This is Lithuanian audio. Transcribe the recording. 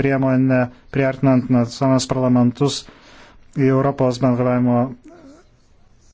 priemonę priartinant nacionalinius parlamentus į Europos bendravimo